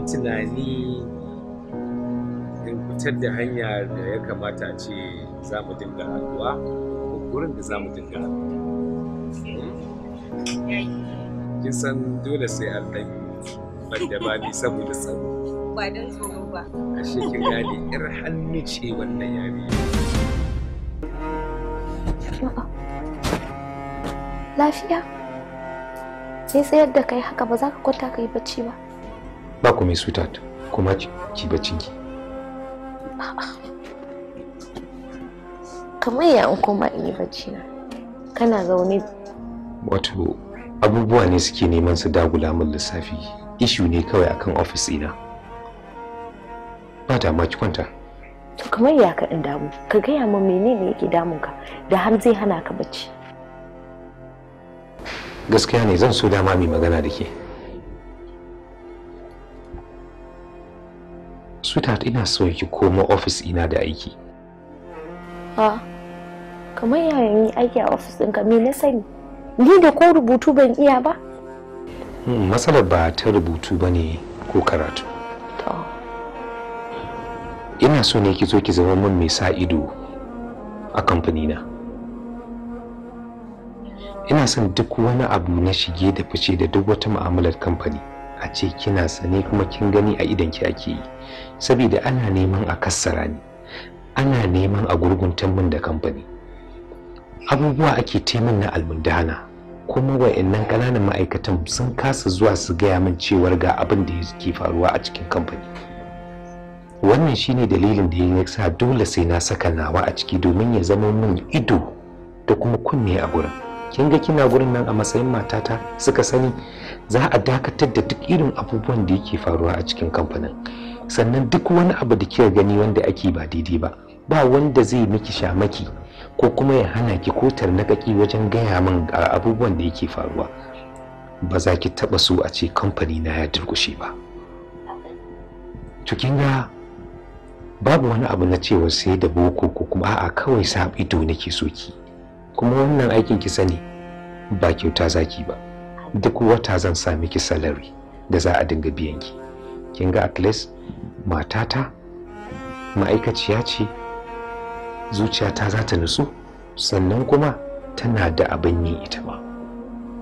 yi tunani in fitar da hanya da ya kamata ce za mu dinga haduwa ko gurin da za mu dinga haduwa kin san dole sai an ɗan banda ba ni saboda tsaro ba don tsoro ba ashe kin gane yar hannu ce wannan yari lafiya sai tsayar da kai haka ba za ka kwanta ka yi bacci ba ba ku mai sweetheart kuma ki bacin ki kamar ya an koma in yi bacci na kana zaune wato abubuwa ne suke neman su dagula min lissafi ishu ne kawai akan ofis ina ba ta ki kwanta to kamar ya ka in damu ka gaya min menene yake damun ka da har zai hana ka bacci gaskiya ne zan so dama mai magana da ke sweetheart ina so ki koma ofis ina da aiki ha kamar yayin yi aiki a ofis ɗinka me na sani ni da ko rubutu ban iya ba hmm, matsalar ba ta rubutu ba ne ko karatu ina so ne ki zo ki zama min mai sa ido a kamfanina ina son duk wani abu na shige da fice da duk wata mu'amalar kamfani a ce kina sane kuma kin gani a idan ki ake yi saboda ana neman a kassara ni ana neman a gurguntan min da kamfani abubuwa ake taimin na almundana kuma wa'annan ƙananan ma'aikatan sun kasa zuwa su gaya min cewar ga abin da ke faruwa a cikin kamfani wannan shine dalilin da ya sa dole sai na saka nawa a ciki domin ya zama min ido da kuma kunne a gurin kin ga kina gurin nan a matsayin matata suka sani za a dakatar da duk irin abubuwan da yake faruwa a cikin kamfanin sannan duk wani abu da kika gani wanda ake ba daidai ba ba wanda zai miki shamaki ko kuma ya hana ki ko kaki wajen gaya min abubuwan da yake faruwa ba za ki taɓa so a ce kamfani na ya durkushe ba cikin ga babu wani abu na cewa sai da boko ko kuma a'a kawai sa ido nake so ki kuma wannan aikin ki sani ba kyauta zaki ba duk wata zan sa miki salary da za a dinga biyan ki kin ga at least matata ma'aikaciya ce zuciyata za ta nutsu sannan kuma tana da abin yi ita ma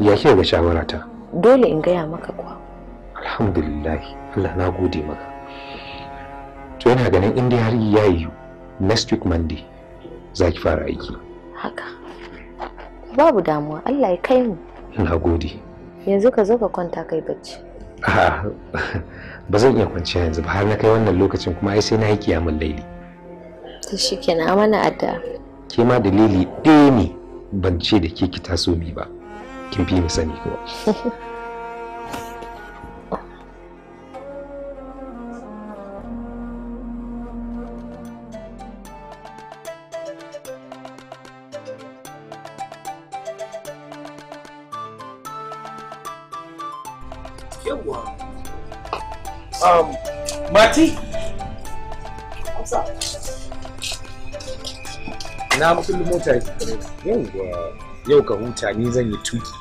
ya ke ga shawara ta? dole in gaya maka kuwa alhamdulillah allah na gode maka to yana ganin inda har ya next week monday za ki fara aiki haka babu damuwa Allah ya kai mu na gode yanzu ka zo ka kwanta kai bacci ba zan iya kwanciya yanzu ba har na kai wannan lokacin kuma ai sai na yi kiyamun laili to shikenan mana adda ke ma dalili ɗaya ne ban ce da ke ki taso mi ba kin fi mu sani kuwa. Um, Mati? What's up? Na mutum mota yauwa yau ka huta ni zan yi tuki.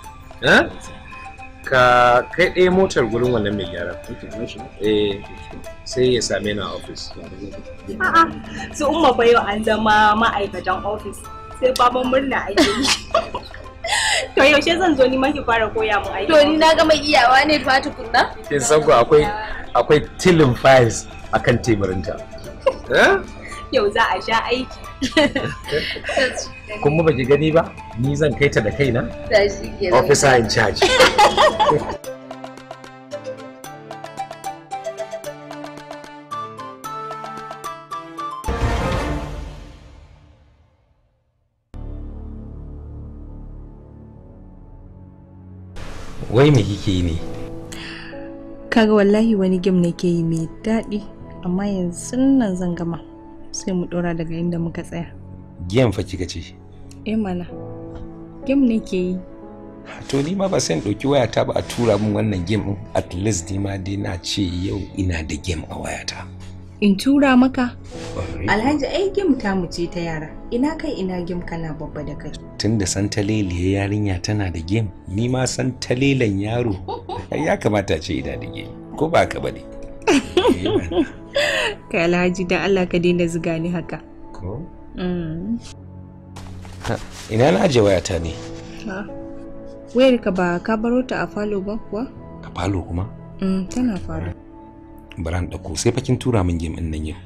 Ka kai ɗaya motar gurin wannan mai gyara. Eh, sai ya same ni a ofis. A'a, su umma fa yau an zama ma'aikatan ofis. Sai baban murna ake yi. To yaushe zan zo ni ma ki fara koya mun aiki. To ni na gama iyawa ne fa kunna? Kin san ku akwai akwai tilin files a kan teburinta eh? yau za a sha aiki kuma baki gani ba ni zan kai ta da kaina officer in charge wai me kike ne kaga wallahi wani game nake yi mai daɗi amma yanzu nan zan gama sai mu ɗora daga inda muka tsaya game fa kika ce eh mana game nake yi to ni ma ba sai in ɗauki wayata ba a tura min wannan game at least ni ma dai na ce yau ina da game a wayata in tura maka alhaji ai gim ta mu ce ta yara ina kai ina gim kana babba da kai tun da santaleliya yarinya tana da gim ni ma santalelan yaro ya kamata ce ina da gim ko ba ka bane kai alhaji da Allah ka daina ziga ni haka ko mm. ina na aje wayata ne wayar ka ba ka baro ta a falo ba kuwa a falo kuma mm, tana falo bari an ɗauko sai fakin tura min game nan yau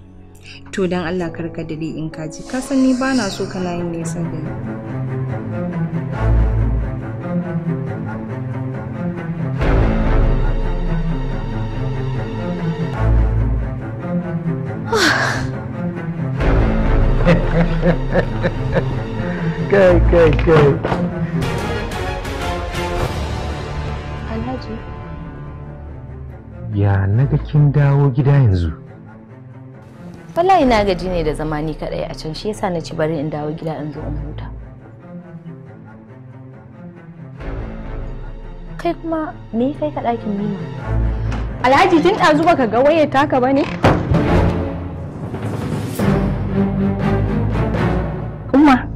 to don allah karka dade in ka ji ka san ni ba na so kana yin nesa da ni Kai, kai, kai. ya naga kin dawo gida yanzu wallahi na gaji ne da zama ni kadai a can shi yasa na ci bari in dawo gida in zo in huta kai kuma me kai ka ɗakin mini. alhaji tun ɗazu baka ga wayar taka ba ne umma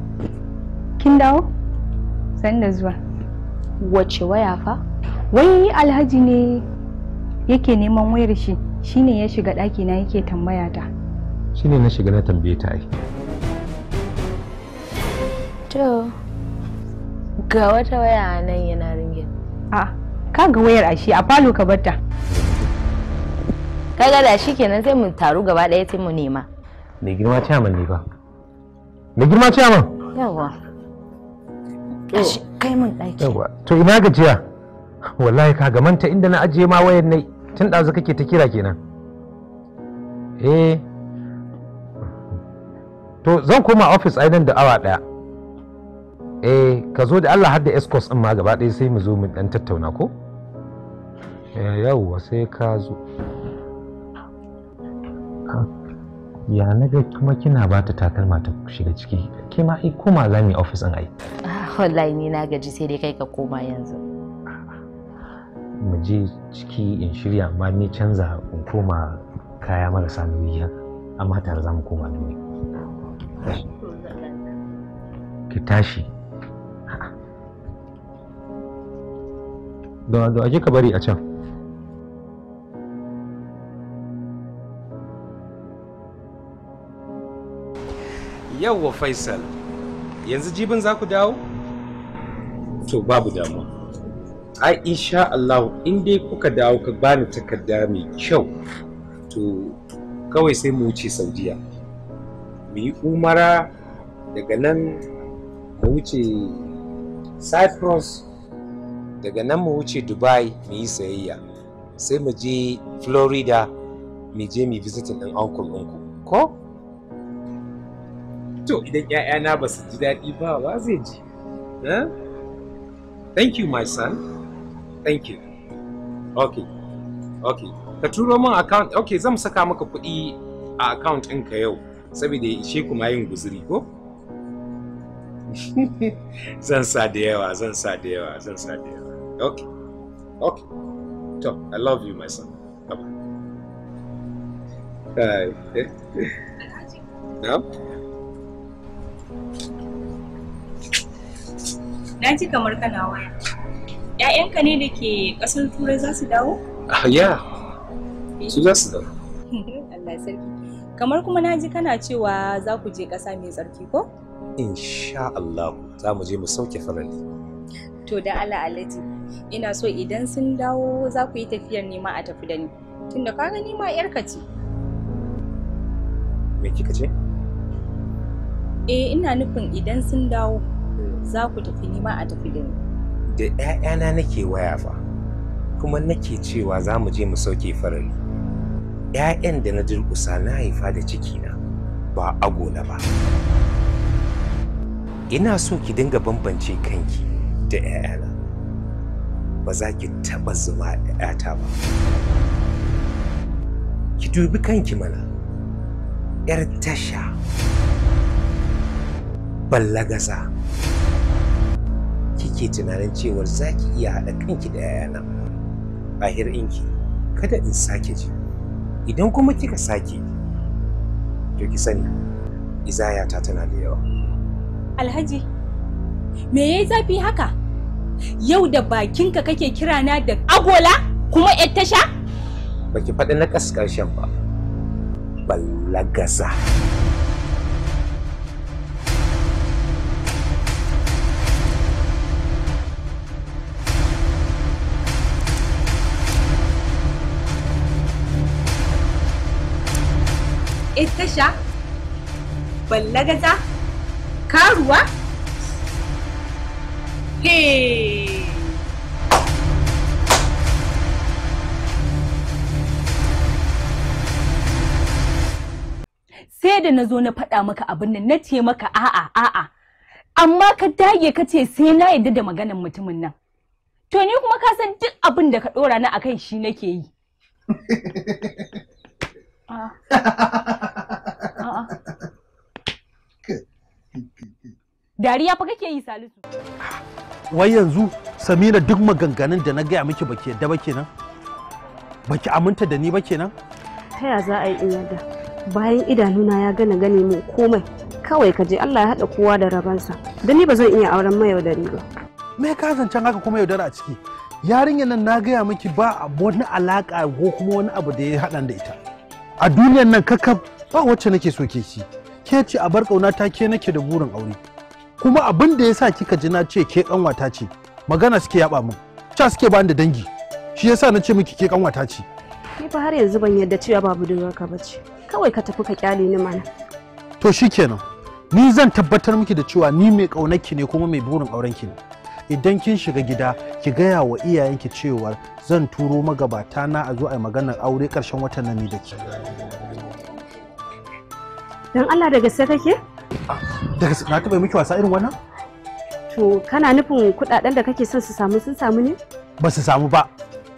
kin dawo sanda zuwa wace waya fa wai alhaji ne yake neman wayar shi shine ya shiga ɗaki na yake tambaya ta shine na shiga na tambaye ta ai to ga wata waya a nan yana ringe a ka ga wayar a shi a falo ka barta kaga da shi kenan sai mu taru gaba ɗaya sai mu nema mai girma ciyaman ne ba mai girma ciyaman yawa kai mun ɗaki yawa to ina gajiya wallahi ka gamanta inda na ajiye ma wayar nai tun ɗazu kake ta kira kenan eh to zan koma ofis ainihin da awa ɗaya eh ka zo da allah hadda escorts ɗin ma gaba ɗaya sai mu zo mu ɗan tattauna ko eh, yawwa sai ka zo ya na ga kuma kina ba ta takalma ta shiga ciki kima ai koma za mu yi ofis ɗin ai ah, wallahi ni na gaji sai dai kai ka koma yanzu mu je ciki in shirya amma ni canza in koma kaya marasa nauyi haka amma tare za mu koma nauyi ki tashi da aje ka bari a can yawwa faisal yanzu jibin za ku dawo to babu damuwa Aisha, Allahu, Allah in dai kuka dawo ka bani takarda mai kyau to kawai sai mu wuce Saudiya mu yi umara daga nan mu wuce Cyprus daga nan mu wuce Dubai mu yi sayayya sai mu je Florida mu je mu visiting ɗin uncle ɗinku ko to idan 'ya'yana ba su ji daɗi ba ba zai ji eh? thank you my son thank you okay okay ka turo min account okay zan saka maka kuɗi a account ɗinka yau saboda ya ishe kuma yin guzuri ko zan sa da yawa zan sa da yawa zan sa da yawa okay okay to i love you my son bye bye yeah. Na ji kamar kana waya. ‘Ya'yanka ne da ke ƙasar Turai za su dawo? Ah, ya, su za su dawo. Allah sarki. Kamar kuma na ji kana cewa za ku je ƙasa mai tsarki ko? Insha Allah za mu je mu sauke farali. To da Allah alaji, ina so idan sun dawo za ku yi tafiyar nema a tafi da ni. Tunda ka gani ma ‘yarka ce. Me kika ce? Eh ina nufin idan sun dawo hmm. za ku tafi nema a tafi da ni. da 'ya'yana nake waya fa kuma nake cewa za mu je mu sauke farari, 'ya'yan da na durƙusa na haifa da cikina ba agola ba ina so ki dinga bambance kanki da 'ya'yana ba za ki taɓa zuma 'ya'yata ba ki dubi kanki mana 'yar tasha ballagasa kike tunanin cewar za ki iya haɗa kanki da yayana bahir inki kada in sake ji idan kuma kika sake to ki sani ta tana da yawa alhaji me yayi zafi haka yau da bakinka kake kira na da agola kuma ƴar tasha baki faɗi na ƙasƙarshen ba ballagaza. tasha ballagaza karuwa he sai da nazo na faɗa maka abin nan na ce maka a'a a'a amma ka dage ka ce sai na yadda da maganan mutumin nan to ni kuma ka san duk abin da ka ɗora na akan shi nake yi Ah. Dariya fa kake yi Salisu. Wai yanzu Samira duk maganganun da na gaya miki baki yadda ba kenan? Baki aminta da ni ba kenan? Ta ya za a yi in yadda? Bayan idanuna ya gana gane mu komai kawai ka je Allah ya haɗa kowa da rabansa. Da ni ba zan iya auren yaudari ba. Me ka zancen haka kuma yaudara a ciki? Yarinyar nan na gaya miki ba wani alaƙa ko kuma wani abu da ya haɗan da ita. a duniyan nan kaka ba wacce nake so ke shi ke ce a bar kauna ta ke nake da burin aure kuma abin da yasa kika ji na ce ke kanwata ce magana suke yaba min ca suke bani da dangi shi yasa na ce miki ke kanwata ce ni fa har yanzu ban yarda cewa babu budurwarka ba ce kawai ka tafi ka kyale ni mana to shikenan ni zan tabbatar miki da cewa ni mai kaunarki ne kuma mai burin aurenki ne idan kin shiga gida ki gaya wa iyayenki cewar zan turo magabata na a zo a yi maganar aure ƙarshen watan nan ne da ke don Allah da gaske kake? da gaske na taɓa miki wasa irin wannan? to kana nufin kuɗaɗen da kake son su samu sun samu ne? ba su samu ba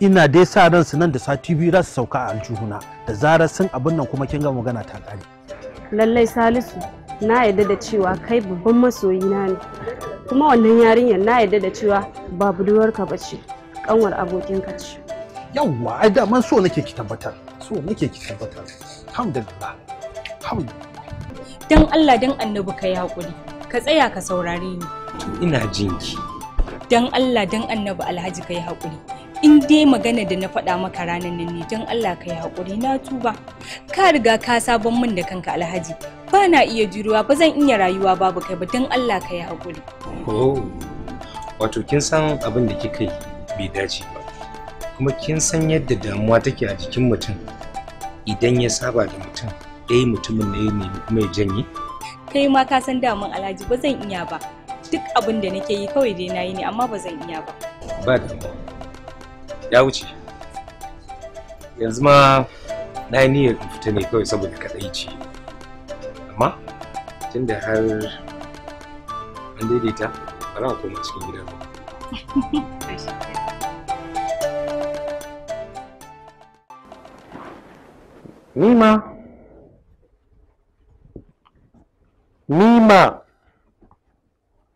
ina dai sa ran su nan da sati biyu za su sauka a aljihuna da zarar sun abin nan kuma kin ga magana ta ƙare. lallai salisu na yarda da cewa kai babban masoyina ne kuma wannan yarinyar na yarda da cewa ba budurwar ba ce kanwar abokinka ce yawwa ai daman so nake ki tabbatar so nake ki tabbatar alhamdulillah alhamdulillah dan Allah dan annabi ka yaƙuri ka tsaya ka saurare ni ina jinki dan Allah dan annabi alhaji ka yi haƙuri in dai magana da na faɗa maka ranar nan ne don Allah ka yi haƙuri na tuba ka riga ka sabon min da kanka alhaji ba na iya jiruwa ba zan iya rayuwa babu kai ba don Allah ka yi haƙuri. Oh, wato kin san abin da kika yi bai dace ba kuma kin san yadda damuwa take a jikin mutum idan ya saba da mutum ɗaya eh, mutumin ne ne kuma ya janye. Kai ma ka san damun alhaji ba zan iya ba duk abin da nake yi kawai dai na yi ne amma ba zan iya ba. Ba damuwa. ya wuce yanzu ma na yi niyyar fita ne kawai saboda kadaici amma tunda har an daidaita ba za koma cikin gida ba Nima. Nima.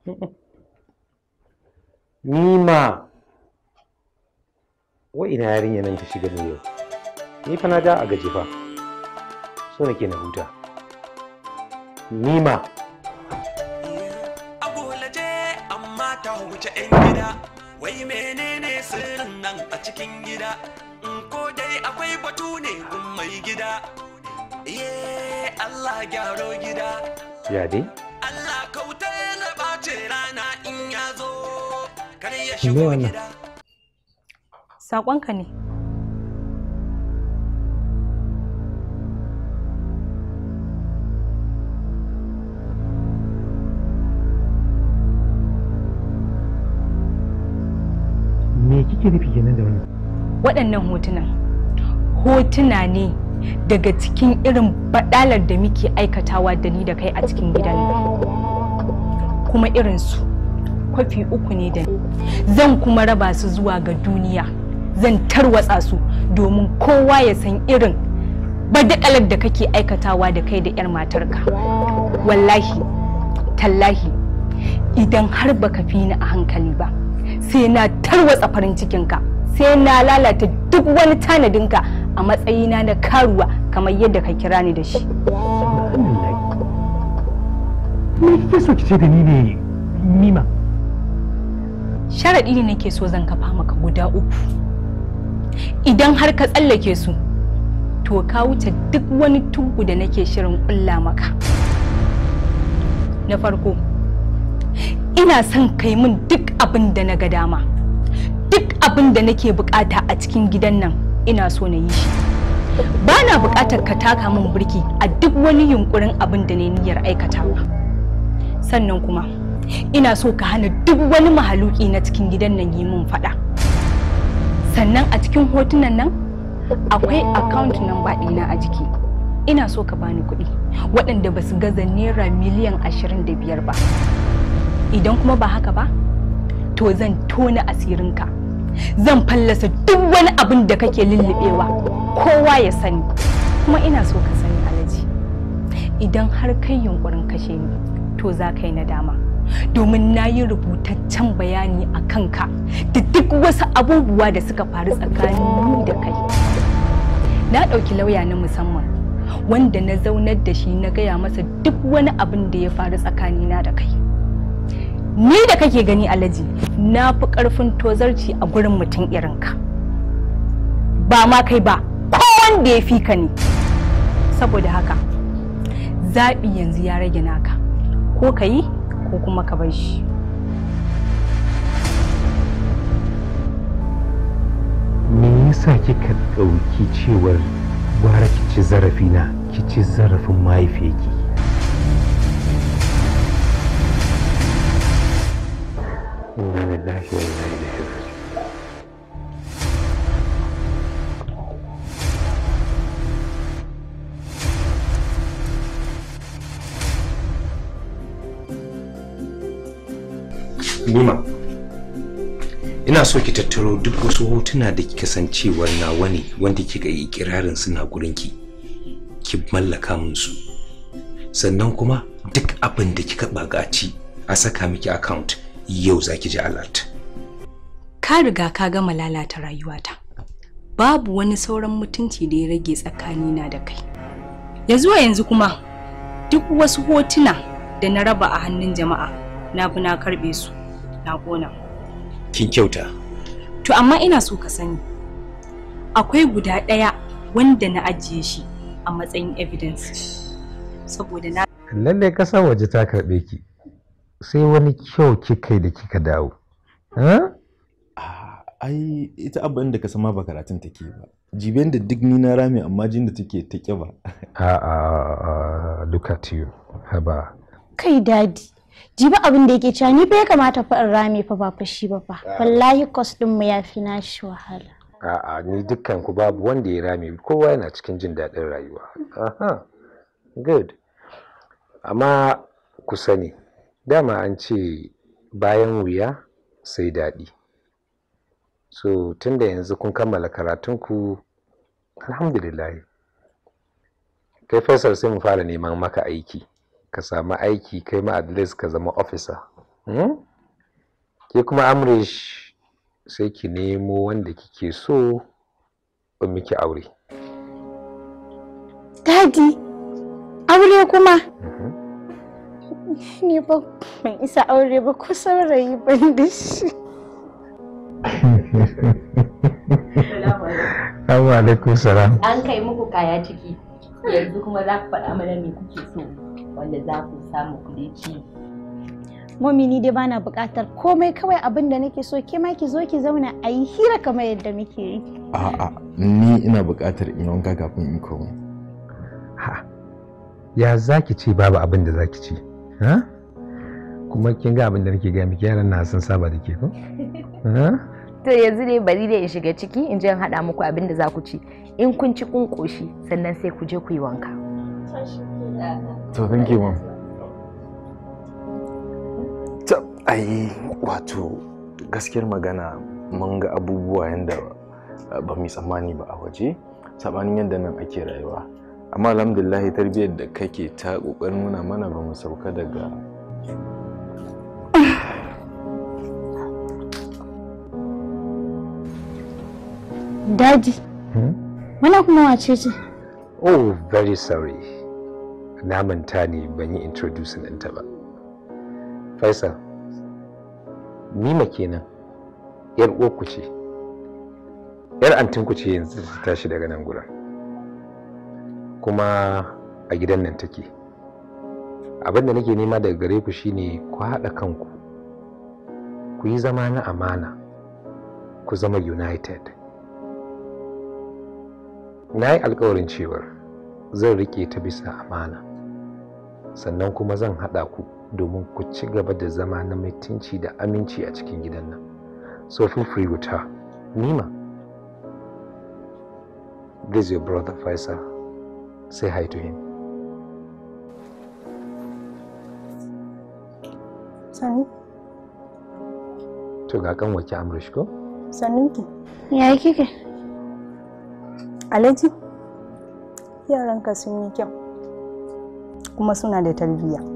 Nima. wa ina yarinya nan ta shiga ne yau ni fa na ja a gaji fa so nake na huta nima abulaje amma ta huce yan gida wai menene sirrin nan a cikin gida in ko dai akwai batu ne gun mai gida ye Allah gyaro gida ya dai Allah kautar na rana in ya zo kar ya shigo gida sakonka ne me kike nufi kenan da wannan waɗannan hotunan hotuna ne daga cikin irin baɗalar da muke aikatawa da ni da kai a cikin gidan kuma irinsu kwafi uku ne da zan kuma raba su zuwa ga duniya zan tarwatsa su domin kowa ya san irin badakalar da kake aikatawa da kai da 'yar matarka wallahi tallahi idan har baka fi ni a hankali ba sai na tarwatsa farin cikinka sai na lalata duk wani tanadinka a matsayina na karuwa kamar yadda ka kira ni da shi me ki ce da ni ne sharaɗi ne nake so zan kafa maka guda uku idan har ka tsallake su to ka wuce duk wani tugu da nake shirin kulla maka na farko ina son kai min duk abin da na ga dama duk abin da nake bukata a cikin gidan nan ina so na yi shi ba na bukatar ka taka min birki a duk wani yunkurin abin da ne niyyar aikatawa sannan kuma ina so ka hana duk wani mahaluki na cikin gidan nan yi min fada sannan a cikin hotunan nan akwai account number ɗina a jiki ina so ka bani kuɗi waɗanda ba su gaza naira miliyan biyar ba idan kuma ba haka ba to zan tona ka zan fallasa duk wani abin da kake lullubewa kowa ya sani kuma ina so ka sani alaji idan har kai yunkurin kashe ni to za ka yi nadama dama domin na yi rubutaccen bayani a kanka da duk wasu abubuwa da suka faru tsakanin da kai na ɗauki lauya na musamman wanda na zaunar da shi na gaya masa duk wani abin da ya faru tsakanina da kai ni da kake gani alaji na fi ƙarfin tozarci a gurin mutum irinka ba ma kai ba wanda ya fi ka ne saboda haka zaɓi yanzu ya rage naka ko ka yi ko kuma ka bar shi me yasa kika ɗauki cewar gwara ki ci zarafina ki ci zarafin mahaifiyarki so ki tattaro duk wasu hotuna da kika san cewar nawa ne wanda kika yi ikirarin suna gurinki ki mallaka min su sannan kuma duk abin da kika bagaci a saka miki account yau za ki ji alert ka riga ka gama lalata rayuwata babu wani sauran mutunci da ya rage tsakanina da kai ya zuwa yanzu kuma duk wasu hotuna da na raba a hannun jama'a na fi na karbe su na kona kin kyauta to amma ina so ka sani akwai guda ɗaya wanda na ajiye shi a matsayin evidence saboda na lallai ƙasa waje ta karɓe ki sai wani kyau kika da kika dawo ah, ai ita abin da ka sama ba karatun take ba jiben da duk ni na rame amma jin da take ta ba. a a duka you. haba kai dadi jibi abin da yake cewa ni fa ya kamata fa in rame fa ba fashi ba fa wallahi kwas din mu na nashi wahala a'a ni dukkan ku babu wanda ya rame kowa yana cikin jin daɗin rayuwa aha good amma ku sani dama an ce bayan wuya sai daɗi so tunda yanzu kun kammala karatun ku, alhamdulillah kai faisal sai mu fara neman maka aiki ka samu aiki kai ma at ka zama officer hmm? ke kuma amrish sai ki nemo wanda kike so in miki aure daddy aure kuma mm-hmm. ni ba mai isa aure ba ko saurayi ban da shi Assalamu alaikum salam. An kai muku kaya ciki. Yanzu kuma za ku faɗa mana me kuke so. wanda za ku samu kuɗi ci. Mami ni dai bana buƙatar komai kawai abin da nake so ke ma ki zo ki zauna a yi hira kamar yadda muke yi. A'a ni ina buƙatar in wanka kafin in komai. Ha ya za ki ce babu abin da za ki ci? Ha? Kuma kin ga abin da nake gaya miki yaran na san saba da ke ko? Ha? to yanzu ne bari da in shiga ciki in je in haɗa muku abin da za ku ci in kun ci kun ƙoshi sannan sai ku je ku yi wanka. To thank you mom. Ta ai wato gaskiyar magana mun ga abubuwa yanda eh, ba mu tsammani ba a waje sabanin yadda nan ake rayuwa. Amma alhamdulillah tarbiyyar da kake ta kokarin nuna mana ba mu sauka daga Daddy, hmm? mana kuma wace ce? Oh, very sorry. na manta ne ban yi introducing ɗinta ba faisal mima kenan yar uwarku ce yar antinku ce yanzu ta tashi daga nan gudan. kuma a gidan nan take abin da nake nema daga gare ku shine ku haɗa kanku ku yi zama na amana ku zama united na yi alkawarin cewar zan rike ta bisa amana sannan kuma zan haɗa ku domin ku ci gaba da zama na mutunci da aminci a cikin gidan nan so feel free with her nima this is your brother faisal say hi to him sani to ga kan wace amrish ko sanin ki yayi kike Yaran ka sun yi kyau kuma suna da tarbiyya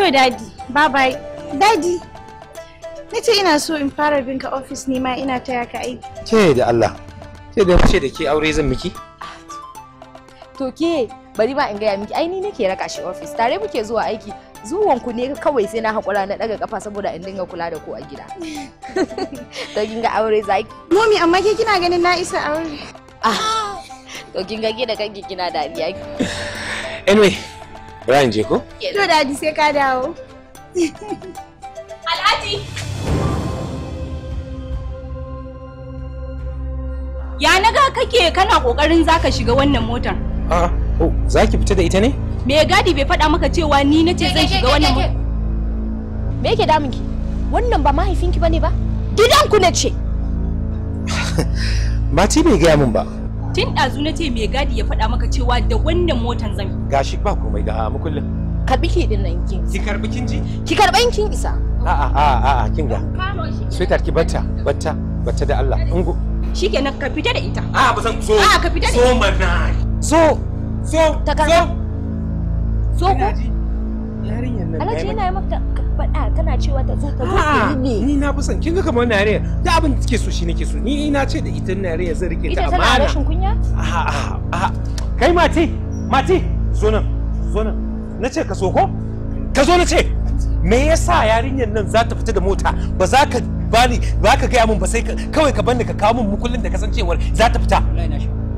To dadi, bye bye. Dadi, na ce ina so in fara binka ofis ne ma ina taya ka aiki. Ce da Allah, ce da ce da ke aure zan miki? to ke bari ba in gaya miki ai ni nake raka shi office tare muke zuwa aiki zuwan ku ne kawai sai na hakura na daga kafa saboda in dinga kula da ku a gida to kin ga aure zai momi amma ke kina ganin na isa aure ah to kin ga da kanki kina dariya anyway Ryan je ko? To dadi sai ka dawo. Alhaji. Ya naga kake kana kokarin zaka shiga wannan motar. a oh za ki fita da ita ne me gadi bai faɗa maka cewa ni na ce zan shiga wannan me yake damun ki wannan ba mahaifinki bane ba ku na ce ba ti bai gaya min ba tun ɗazu na ce me gadi ya faɗa maka cewa da wannan motan zan gashi ba komai ga kullum. karbi ki din nan kin ki karbi kin ji ki karban kin isa A'a, a'a, kin ga sweetheart ki batta batta batta da Allah ungo shikenan ka fita da ita A'a, ba zan so A'a, ka fita da ita so mana zo zo zo zo ku yarinyar nan alhaji maka faɗa kana cewa ta zo ta ni na fi son kin ga kamar nare da abin da take so shi nake so ni na ce da ita nare zan rike ta amana ita tana rashin kunya kai mati mati zo nan zo nan na ce ka so ko ka zo na ce me yasa yarinyar nan za ta fita da mota ba za ka bani ba ka gaya min ba sai kawai ka bani ka kawo min mukullin da kasancewar za ta fita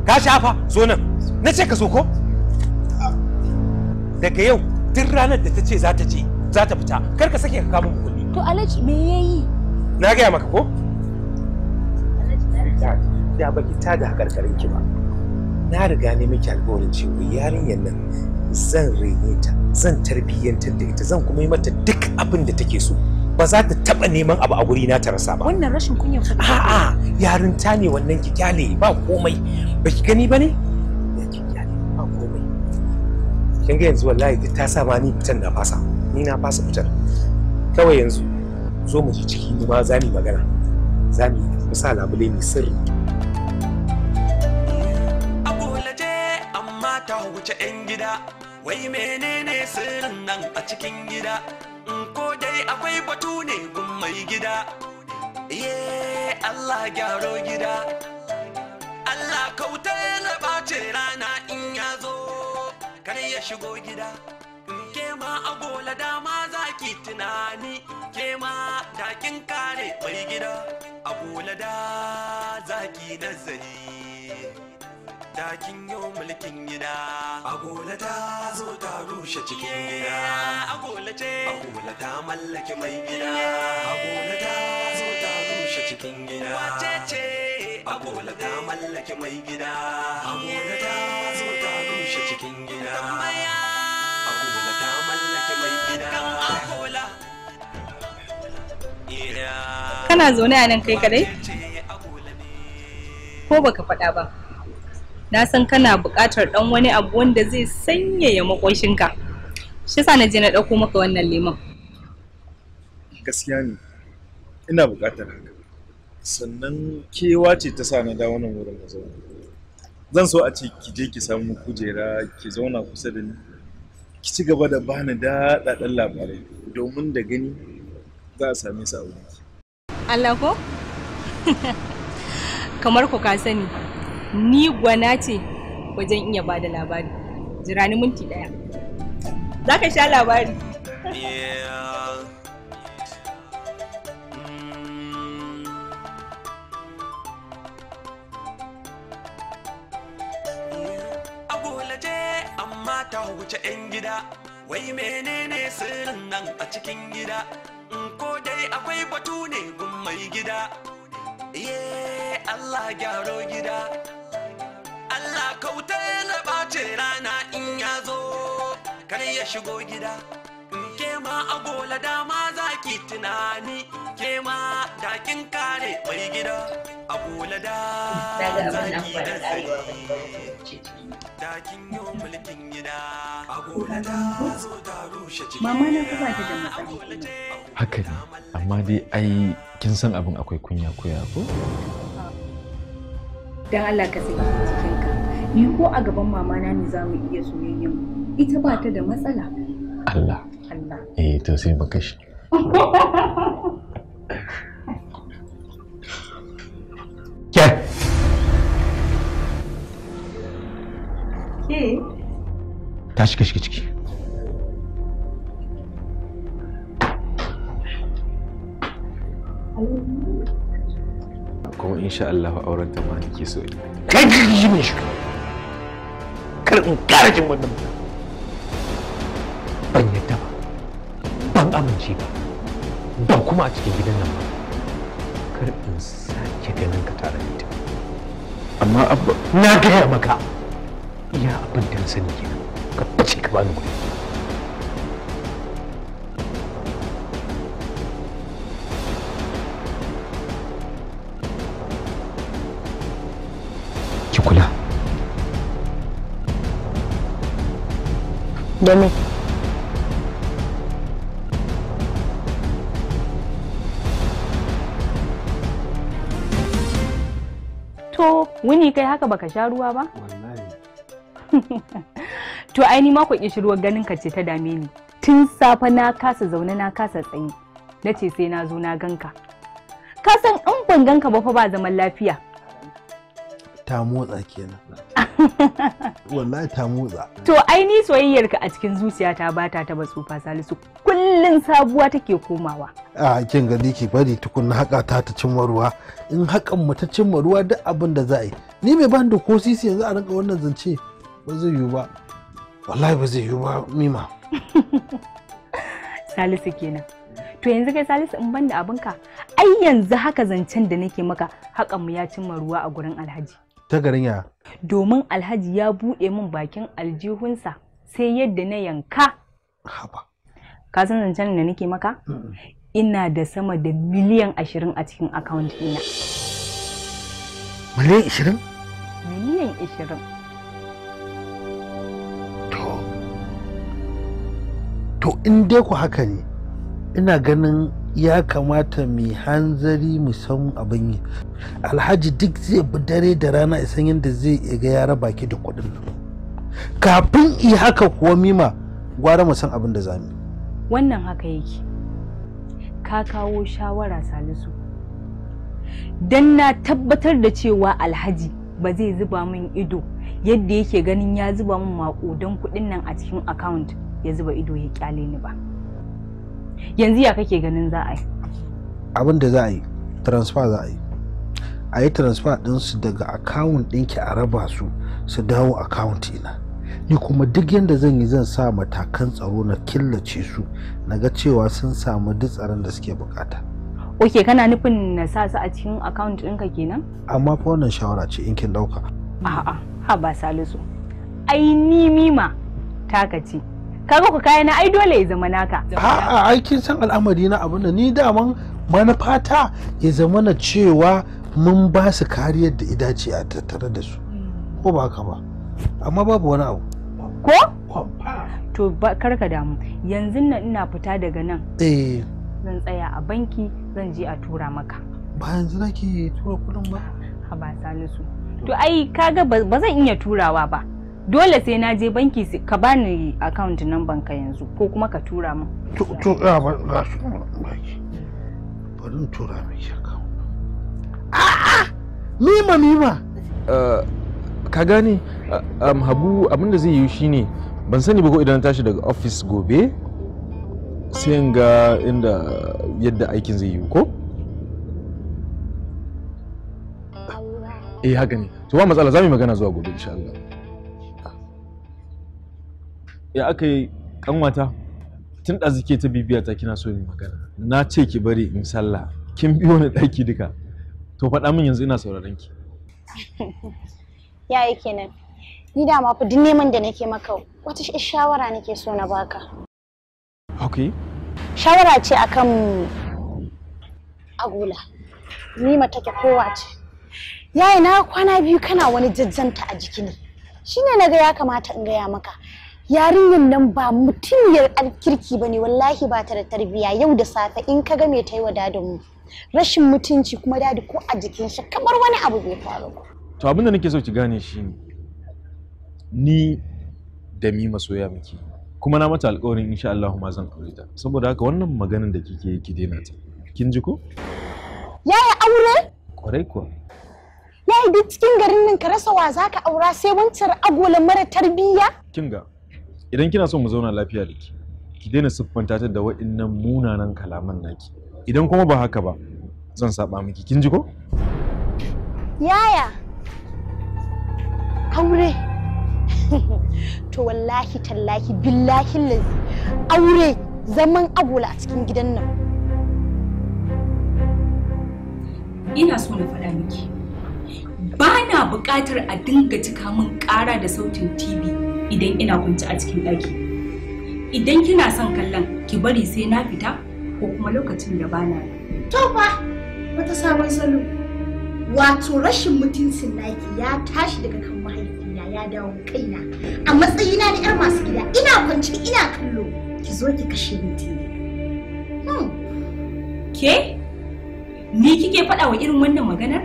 ka shafa zo nan na ce ka so ko daga yau duk ranar da ta ce za ta je za ta fita kar ka sake ka kama mu kuɗi to alhaji me yayi na gaya maka ko da baki ta da hakarkarin ki ba na riga ne miki alƙawarin cewa yarinyar nan zan rene ta zan tarbiyyantar da ita zan kuma yi mata duk abin da take so ba za ta taba neman abu a guri na ta rasa ba wannan rashin kunya a'a yarinta ne wannan ki kyale ba komai baki gani bane kin ga yanzu wallahi duk ta sa ma ni fitan na fasa ni na fasa fitar kawai yanzu zo mu ji ciki ni ma za mu magana za mu yi sa labule mai sirri abulaje amma ta wuce yan gida wai menene sirrin nan a cikin gida in ko dai akwai batu ne gun mai gida ye Allah gyaro gida Allah kautar na rana kare ya shigo gida ke ma a gola dama za ki tunani ke ma da kare mai gida a gola da za ki nazari takin yau mulkin gida agola ta zo ta rushe cikin gida agola ce agola ta mallake mai gida agola ta zo ta rushe cikin gida wace ce agola ta mallake mai gida agola ta cikin gida akula kana zaune a nan kai kadai ko baka faɗa ba na san kana buƙatar ɗan wani abu wanda zai sanyaya makoshinka shi sa na je na ɗauko maka wannan liman gaskiya ne ina buƙatar haka sannan kewa ce ta sa na dawo nan wurin ka zauna zan so a ce ki je ki samu kujera ki zauna kusa da ni ki ci gaba da bani daɗaɗɗen labarai domin da gani za a same su a wurin Allah ko kamar ku ka sani ni gwana ce wajen iya bada labari jira ni minti daya za ka sha labari yeah. ta huce 'yan gida wai menene sirrin nan a cikin gida in ko dai akwai batu ne gun mai gida ye Allah gyaro gida Allah kautar na ɓace rana in ya zo kar ya shigo gida ke ma a gola dama za ki tunani ke ma dakin kare mai gida a gola da za ki da dakin yau mulkin gida agola ta zo ta rushe ciki mama na ba ta da matsala haka ne amma dai ai kin san abin akwai kunya koya ko dan Allah ka saki cikinka ni ko a gaban mama na ne zamu mu iya soyayyen ita ba ta da matsala Allah Allah eh to sai mu kashi tashi ka shiga ciki kuma insha Allah auren ta ma nake so ita kai ji min shi kar in kara jin wannan ban yadda ba ban amince ba ba kuma a cikin gidan nan ba kar in sake ganin ka tare da ita amma abba na gaya maka iya abin da sani kenan ka fice ka bani kuɗi ki kula da me to wuni kai haka baka sha ruwa ba to ai ni makon ruwan ganin ka ce ta dame ni tun safe na kasa zaune na kasa tsaye na ce sai na zo na ganka ka san in ban ganka ba fa ba zaman lafiya ta motsa kenan wallahi ta motsa to ai ni soyayyar ka a cikin zuciyata ba ta taba tsufa salisu kullun sabuwa take komawa a kin gani ki bari tukun na haka ta ta cimma ruwa in hakan mu ta cimma ruwa duk abin da za a yi ni mai ban da ko yanzu a rinka wannan zance ba zai yiwu ba wallahi ba zai yiwu ba mima salisu kenan to yanzu kai salisu in banda abinka ai yanzu haka zancen da nake maka hakanmu ya cimma ruwa a gurin alhaji ta garin ya domin alhaji ya buɗe min bakin aljihunsa sai yadda na yanka haba ka san zancen da nake maka ina da sama da miliyan ashirin a cikin akawunt ina miliyan ashirin miliyan ashirin to in dai ku haka ne ina ganin ya kamata mai hanzari mu abin yi alhaji duk zai bi dare da rana isan yadda zai iya ga yara baki da kuɗin nan kafin i haka kuwa mima gwara mu san abin da za mu wannan haka yake ka kawo shawara salisu don na tabbatar da cewa alhaji ba zai zuba min ido yadda yake ganin ya zuba min maƙudan kuɗin nan a cikin akawunt ya zuba ido ya kyale ni ba yanzu ya kake ganin za a yi abin da za a yi transfer za a yi a yi transfer ɗinsu daga akawun ɗinki a raba su su dawo account ina ni kuma duk yadda zan yi zan sa matakan tsaro na killace su na ga cewa sun samu duk tsaron da suke bukata ok kana nufin na sa su a cikin account ɗinka kenan amma fa wannan shawara ce in kin ɗauka a'a ha ba salisu ai ni mima takaci. kaga ku kaya na ai dole ya zama naka a'a ai kin san al'amari na abin da ni daman manufata ya zama na cewa mun ba su kariyar da idace a tattare da su ko ba haka ba amma babu wani abu ko to karka damu yanzu nan ina fita daga nan eh zan tsaya a banki zan je a tura maka ba yanzu nake tura kudin ba ha ba salisu to ai kaga ba zan iya turawa ba dole sai na je banki ka bani account nan banka yanzu ko kuma ka tura min to to ba ba su baki bari in tura min account a'a mima mima eh, ka gane habu abinda zai yi shine ban sani ba ko idan tashi daga office gobe sai in ga inda yadda aikin zai yi ko eh haka ne to ba matsala za mu yi magana zuwa gobe insha Allah ya aka yi kanwata tun da zike ta bibiya ta kina so yi magana na ce ki bari in sallah kin biyo ni daki duka to faɗa min yanzu ina sauraron ki yayi kenan ni da ma fa duk neman da nake maka wata shawara nake so na baka okay shawara ce akan agula ni mata ke kowa ce yayi na kwana biyu kana wani jajjanta a jiki ne shine naga ya kamata in gaya maka yarinyar nan ba mutumiyar kirki ba ne wallahi ba ta da tarbiyya yau da safe in ka ga mai ta yi wa dadinmu rashin mutunci kuma dadi ko a jikin shi kamar wani abu bai faru ba to abin da nake so ki gane shi ne ni da mi masoya muke kuma na mata alƙawarin insha Allah ma zan aure ta saboda haka wannan maganar da kike yi ki daina ta kin ji ko yaya aure kwarai kuwa yayi duk cikin garin nan ka rasa wa zaka aura sai wancan agolan mara tarbiyya kin ga idan kina so mu zauna lafiya da ke, ki daina siffanta ta da waɗannan munanan kalaman naki idan kuma ba haka ba zan saba miki kin ji ko yaya aure to wallahi tallahi billahi lazi aure zaman agola a cikin gidan nan ina so na faɗa miki ba na buƙatar a dinga cika min ƙara da sautin tv idan ina kwanci a cikin ɗaki idan kina son kallon ki bari sai na fita ko kuma lokacin da bana to fa wata sabon salo wato rashin mutuncin naki ya tashi daga kan mahaifina ya dawo kaina a matsayina na yar masu gida ina kwanci ina kallo ki zo ki kashe ni hmm. ke ni kike faɗa wa irin wannan maganar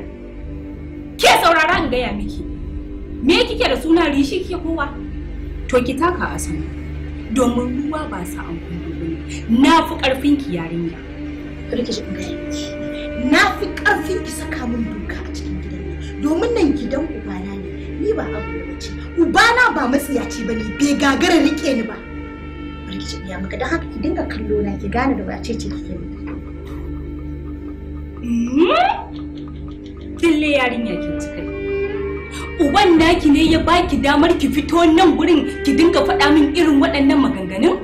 ke saurara in gaya miki me kike da suna rishi kike kowa to ki taka a sama domin ruwa ba sa an kuma na fi karfin ki yarinya rike shi na fi karfin ki saka min doka a cikin gidan nan domin nan gidan ubana ne ni ba abu da ce ubana ba matsiyaci bane bai gagara rike ni ba rikici ya maka don haka ki dinga kallo na ki gane da ba ce ce ki yi Dille hmm? yarinya ki cika uban naki ne ya baki damar ki fito nan gurin ki dinga faɗa min irin waɗannan maganganun?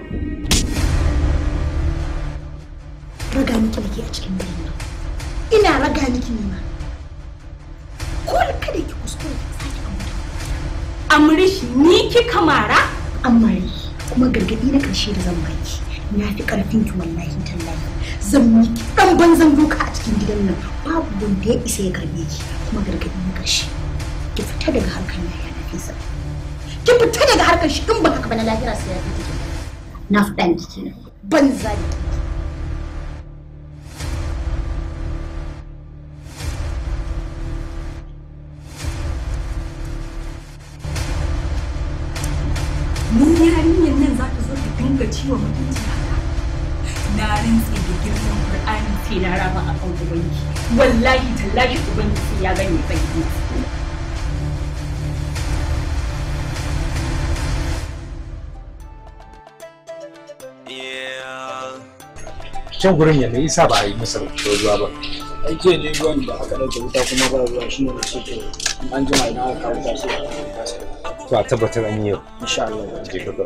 Raga miki baki a cikin gidan nan. Ina raga miki ne ma. Ko kada ki kuskure ki sake amurta. Amurishi ni ki kamara? Amari kuma gargaɗi na ƙarshe da zan baki. Na fi ƙarfin ki wallahi tallahi. Zan miki ɗan banzan doka a cikin gidan nan. Babu wanda ya isa ya karbe ki kuma gargaɗi na ƙarshe. ki fita daga harkar nan ya nafisa ki fita daga harkar shi in baka ba na lahira sai ya fita na faɗa miki kenan banza ne yarinyar nan za ta zo ta dinga ciwo mutunci na rantse da girman Qur'ani sai na raba a kan ubangi wallahi tallahi ubangi sai ya gane bai can gurin ya mai isa ba a yi masa ruwa ba ai jiya ba aka ɗauke wuta kuma ba ruwa shi ne na so an jima idan aka kawo ta sai a tabbatar an yi yau insha Allah